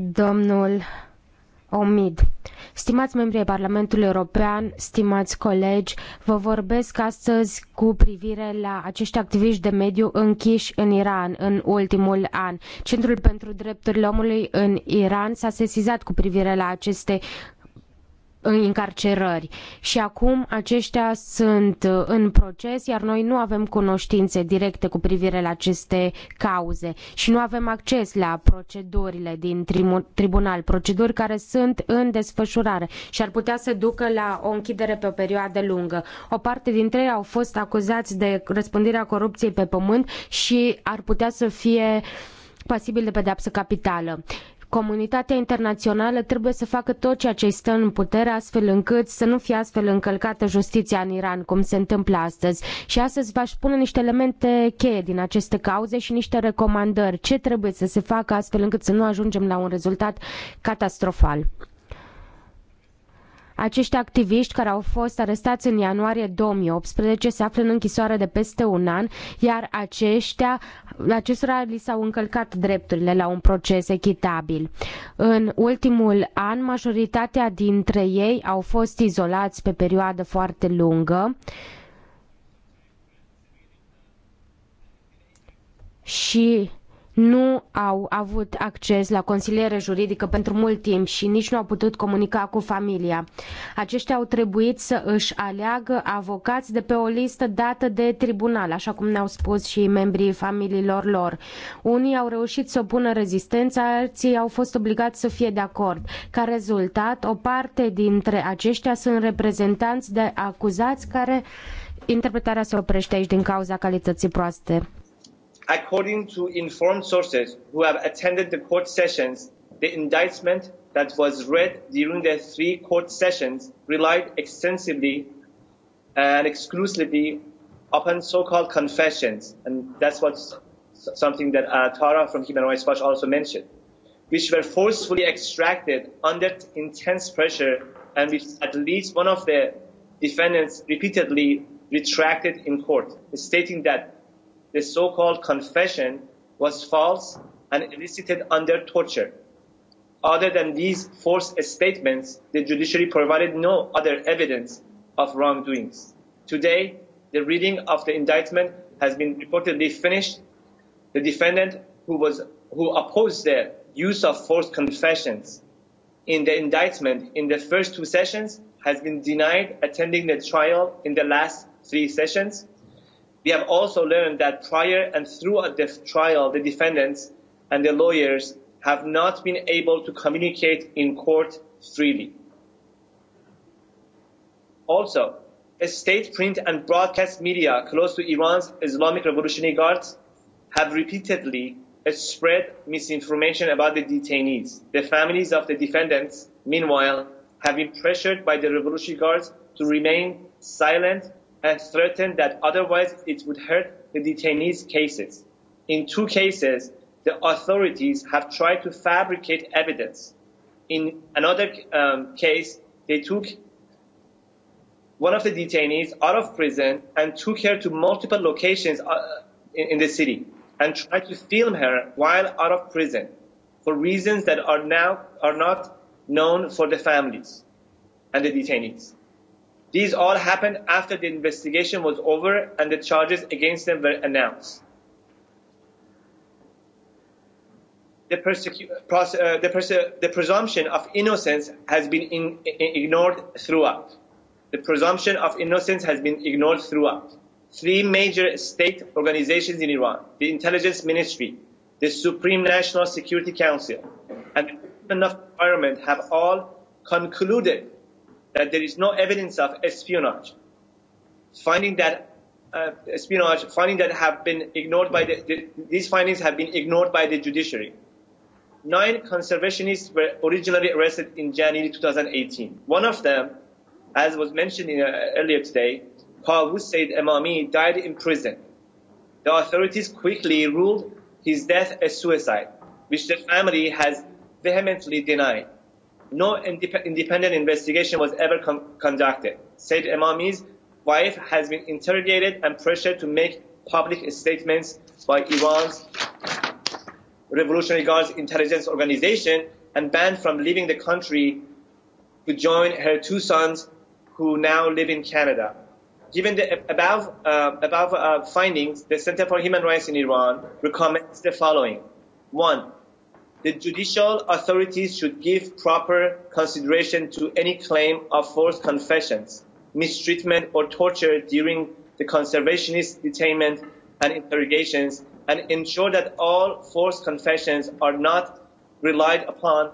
Domnul Omid. Stimați membrii Parlamentului European, stimați colegi, vă vorbesc astăzi cu privire la acești activiști de mediu închiși în Iran în ultimul an. Centrul pentru Drepturile Omului în Iran s-a sesizat cu privire la aceste încarcerări și acum aceștia sunt uh, în proces, iar noi nu avem cunoștințe directe cu privire la aceste cauze și nu avem acces la procedurile din tribunal, proceduri care sunt în desfășurare și ar putea să ducă la o închidere pe o perioadă lungă. O parte dintre ei au fost acuzați de răspândirea corupției pe pământ și ar putea să fie pasibil de pedeapsă capitală. Comunitatea internațională trebuie să facă tot ceea ce stă în putere astfel încât să nu fie astfel încălcată justiția în Iran, cum se întâmplă astăzi. Și astăzi v-aș pune niște elemente cheie din aceste cauze și niște recomandări. Ce trebuie să se facă astfel încât să nu ajungem la un rezultat catastrofal? Acești activiști care au fost arestați în ianuarie 2018 se află în închisoare de peste un an, iar aceștia, acestora li s-au încălcat drepturile la un proces echitabil. În ultimul an, majoritatea dintre ei au fost izolați pe perioadă foarte lungă. Și nu au avut acces la consiliere juridică pentru mult timp și nici nu au putut comunica cu familia. Aceștia au trebuit să își aleagă avocați de pe o listă dată de tribunal, așa cum ne-au spus și membrii familiilor lor. Unii au reușit să opună rezistența, alții au fost obligați să fie de acord. Ca rezultat, o parte dintre aceștia sunt reprezentanți de acuzați care interpretarea se oprește aici din cauza calității proaste According to informed sources who have attended the court sessions, the indictment that was read during the three court sessions relied extensively and exclusively upon so-called confessions, and that's what's something that uh, Tara from Human Rights Watch also mentioned, which were forcefully extracted under intense pressure, and which at least one of the defendants repeatedly retracted in court, stating that The so-called confession was false and elicited under torture. Other than these forced statements, the judiciary provided no other evidence of wrongdoings. Today, the reading of the indictment has been reportedly finished. The defendant who was, who opposed the use of forced confessions in the indictment in the first two sessions has been denied attending the trial in the last three sessions. We have also learned that prior and throughout the trial, the defendants and the lawyers have not been able to communicate in court freely. Also, state print and broadcast media close to Iran's Islamic Revolutionary Guards have repeatedly spread misinformation about the detainees. The families of the defendants, meanwhile, have been pressured by the Revolutionary Guards to remain silent and threatened that otherwise it would hurt the detainees' cases. In two cases, the authorities have tried to fabricate evidence. In another um, case, they took one of the detainees out of prison and took her to multiple locations uh, in, in the city and tried to film her while out of prison for reasons that are now are not known for the families and the detainees. These all happened after the investigation was over and the charges against them were announced. The, uh, the, the, presumption of innocence has been in- ignored throughout. The presumption of innocence has been ignored throughout. Three major state organizations in Iran, the Intelligence Ministry, the Supreme National Security Council, and the Department of Environment have all concluded that there is no evidence of espionage. Finding that uh, espionage, finding that have been ignored by the, the, these findings have been ignored by the judiciary. Nine conservationists were originally arrested in January 2018. One of them, as was mentioned in, uh, earlier today, Paul Said Emami died in prison. The authorities quickly ruled his death a suicide, which the family has vehemently denied. No indep- independent investigation was ever con- conducted. Said Emami's wife has been interrogated and pressured to make public statements by Iran's Revolutionary Guards intelligence organization and banned from leaving the country to join her two sons who now live in Canada. Given the above, uh, above uh, findings, the Center for Human Rights in Iran recommends the following. One, the judicial authorities should give proper consideration to any claim of forced confessions, mistreatment or torture during the conservationist detainment and interrogations and ensure that all forced confessions are not relied upon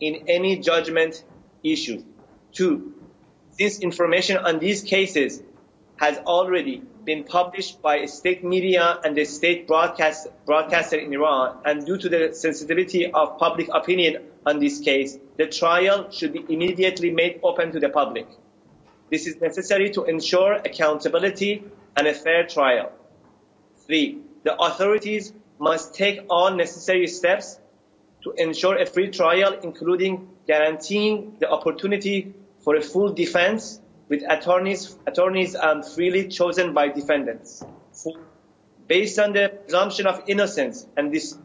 in any judgment issued. Two, since information on these cases has already been published by state media and the state broadcast, broadcaster in Iran, and due to the sensitivity of public opinion on this case, the trial should be immediately made open to the public. This is necessary to ensure accountability and a fair trial. Three, the authorities must take all necessary steps to ensure a free trial, including guaranteeing the opportunity for a full defense with attorneys attorneys um, freely chosen by defendants, based on the presumption of innocence and this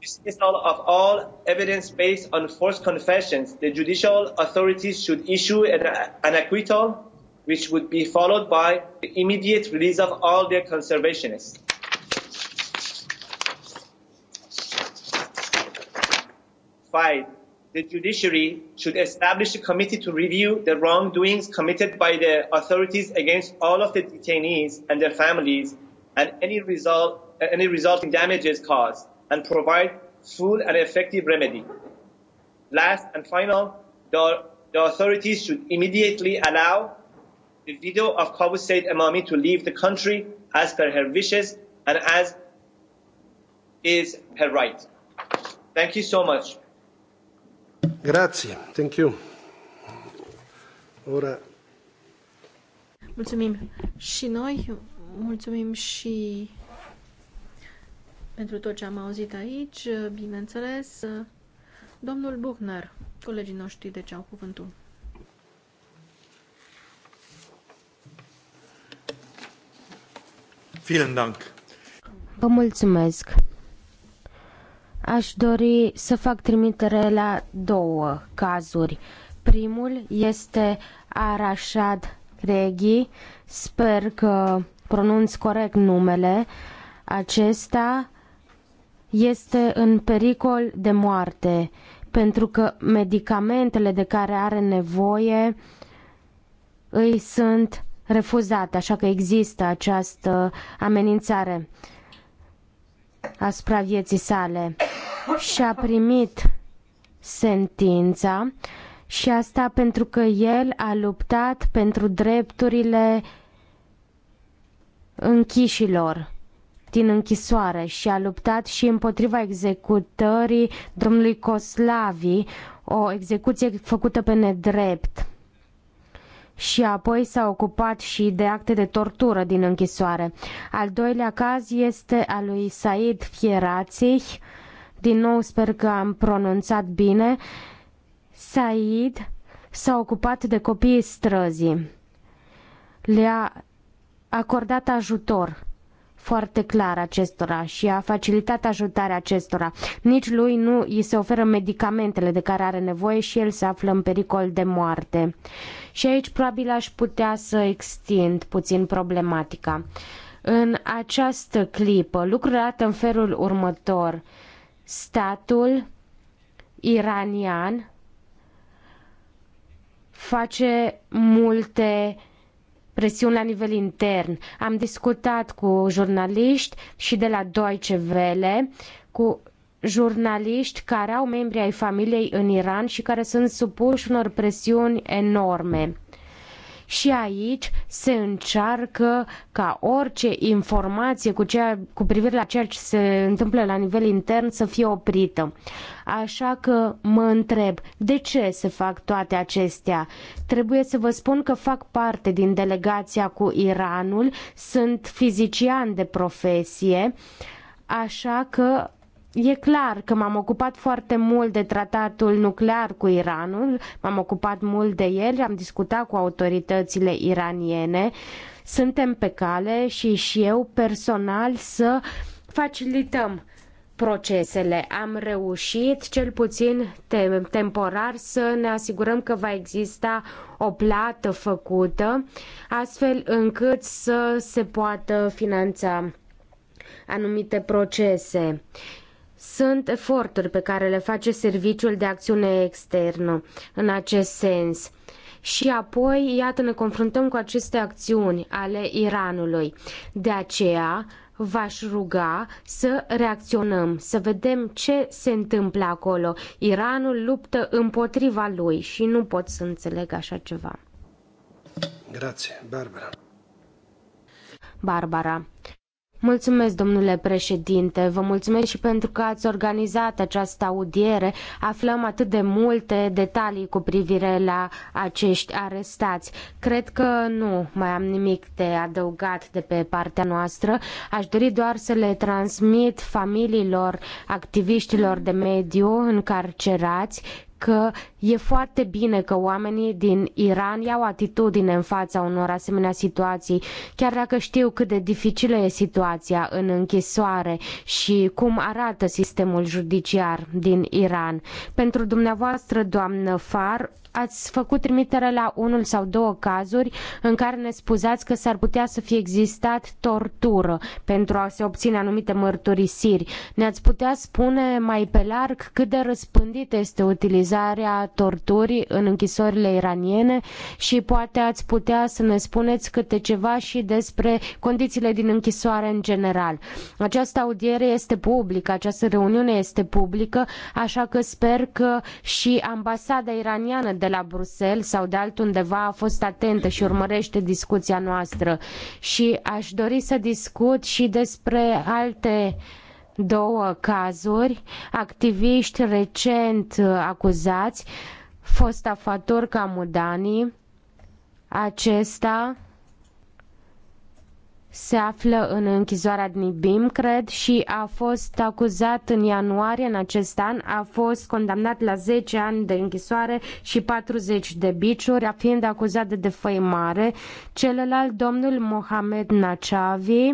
dismissal of all evidence based on forced confessions, the judicial authorities should issue an, an acquittal, which would be followed by the immediate release of all their conservationists. Five the judiciary should establish a committee to review the wrongdoings committed by the authorities against all of the detainees and their families and any result any resulting damages caused and provide full and effective remedy. Last and final, the, the authorities should immediately allow the widow of Kabul Said Amami to leave the country as per her wishes and as is her right. Thank you so much. Grazie, thank you. Ora... Mulțumim și noi, mulțumim și pentru tot ce am auzit aici, bineînțeles. Domnul Buchner, colegii noștri, ce au cuvântul. Vielen Dank. Vă mulțumesc. Aș dori să fac trimitere la două cazuri. Primul este Arashad Reghi, sper că pronunț corect numele. Acesta este în pericol de moarte pentru că medicamentele de care are nevoie îi sunt refuzate, așa că există această amenințare asupra vieții sale și a primit sentința și asta pentru că el a luptat pentru drepturile închișilor din închisoare și a luptat și împotriva executării domnului Coslavi, o execuție făcută pe nedrept. Și apoi s-a ocupat și de acte de tortură din închisoare. Al doilea caz este al lui Said Fierațich, din nou sper că am pronunțat bine. Said s-a ocupat de copiii străzii. Le-a acordat ajutor foarte clar acestora și a facilitat ajutarea acestora. Nici lui nu îi se oferă medicamentele de care are nevoie și el se află în pericol de moarte. Și aici probabil aș putea să extind puțin problematica. În această clipă, lucrurile arată în felul următor. Uh, statul iranian face multe presiuni la nivel intern. Am discutat cu jurnaliști și de la Deutsche Welle, cu jurnaliști care au membri ai familiei în Iran și care sunt supuși unor presiuni enorme. Și aici se încearcă ca orice informație cu, ceea, cu privire la ceea ce se întâmplă la nivel intern să fie oprită. Așa că mă întreb, de ce se fac toate acestea? Trebuie să vă spun că fac parte din delegația cu Iranul, sunt fizician de profesie, așa că E clar că m-am ocupat foarte mult de tratatul nuclear cu Iranul, m-am ocupat mult de el, am discutat cu autoritățile iraniene, suntem pe cale și și eu personal să facilităm procesele. Am reușit, cel puțin te- temporar, să ne asigurăm că va exista o plată făcută, astfel încât să se poată finanța anumite procese. Sunt eforturi pe care le face Serviciul de Acțiune Externă în acest sens. Și apoi, iată, ne confruntăm cu aceste acțiuni ale Iranului. De aceea, v-aș ruga să reacționăm, să vedem ce se întâmplă acolo. Iranul luptă împotriva lui și nu pot să înțeleg așa ceva. Grazie, Barbara. Barbara. Mulțumesc, domnule președinte, vă mulțumesc și pentru că ați organizat această audiere. Aflăm atât de multe detalii cu privire la acești arestați. Cred că nu mai am nimic de adăugat de pe partea noastră. Aș dori doar să le transmit familiilor activiștilor de mediu încarcerați că e foarte bine că oamenii din Iran iau atitudine în fața unor asemenea situații, chiar dacă știu cât de dificilă e situația în închisoare și cum arată sistemul judiciar din Iran. Pentru dumneavoastră, doamnă Far, ați făcut trimitere la unul sau două cazuri în care ne spuzați că s-ar putea să fie existat tortură pentru a se obține anumite mărturisiri. Ne-ați putea spune mai pe larg cât de răspândită este utilizarea utilizarea torturii în închisorile iraniene și poate ați putea să ne spuneți câte ceva și despre condițiile din închisoare în general. Această audiere este publică, această reuniune este publică, așa că sper că și ambasada iraniană de la Bruxelles sau de altundeva a fost atentă și urmărește discuția noastră. Și aș dori să discut și despre alte două cazuri, activiști recent uh, acuzați, fosta Fatur Camudani, acesta se află în închisoarea din Ibim, cred, și a fost acuzat în ianuarie în acest an, a fost condamnat la 10 ani de închisoare și 40 de biciuri, fiind acuzat de defăimare. Celălalt, domnul Mohamed Nachavi,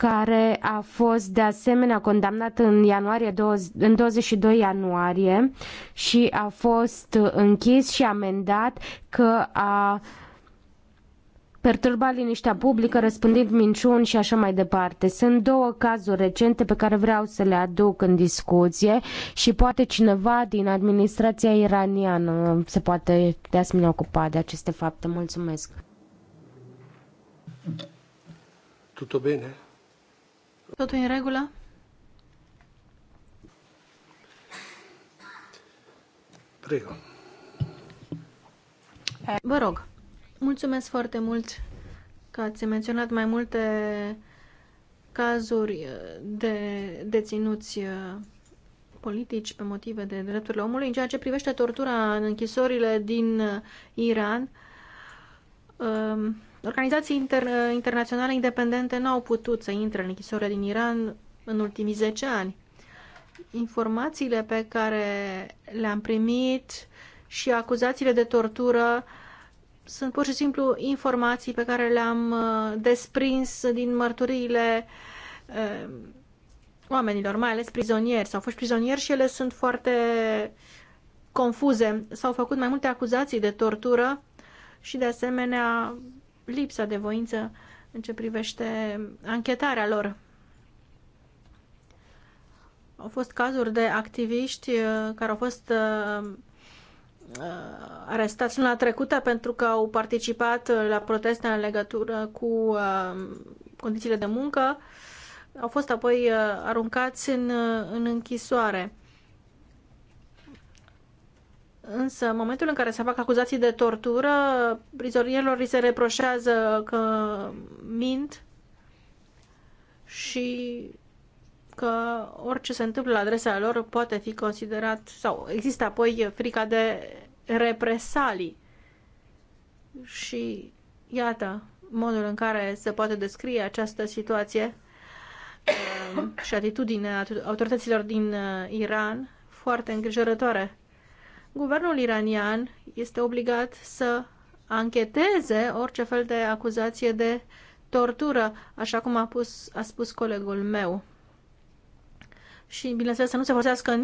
care a fost de asemenea condamnat în, ianuarie, în 22 ianuarie și a fost închis și amendat că a perturba liniștea publică, răspândind minciuni și așa mai departe. Sunt două cazuri recente pe care vreau să le aduc în discuție și poate cineva din administrația iraniană se poate de asemenea ocupa de aceste fapte. Mulțumesc! Tutto bene? Totul în regulă? Prego. Vă rog, mulțumesc foarte mult că ați menționat mai multe cazuri de deținuți politici pe motive de drepturile omului. În ceea ce privește tortura în închisorile din Iran, um, Organizații inter, uh, internaționale independente nu au putut să intre în închisoare din Iran în ultimii 10 ani. Informațiile pe care le-am primit și acuzațiile de tortură sunt pur și simplu informații pe care le-am uh, desprins din mărturiile uh, oamenilor, mai ales prizonieri. S-au fost prizonieri și ele sunt foarte confuze. S-au făcut mai multe acuzații de tortură și de asemenea lipsa de voință în ce privește anchetarea lor. Au fost cazuri de activiști uh, care au fost uh, uh, arestați luna trecută pentru că au participat la proteste în legătură cu condițiile de muncă. Au fost apoi aruncați în, în închisoare. Însă, în momentul în care se fac acuzații de tortură, prizonierilor li se reproșează că mint și că orice se întâmplă la adresa lor poate fi considerat sau există apoi frica de represalii. Și iată modul în care se poate descrie această situație um, și atitudinea autorităților din uh, Iran foarte îngrijorătoare guvernul iranian este obligat să ancheteze orice fel de acuzație de tortură, așa cum a, pus, a spus colegul meu. Și, bineînțeles, să nu se folosească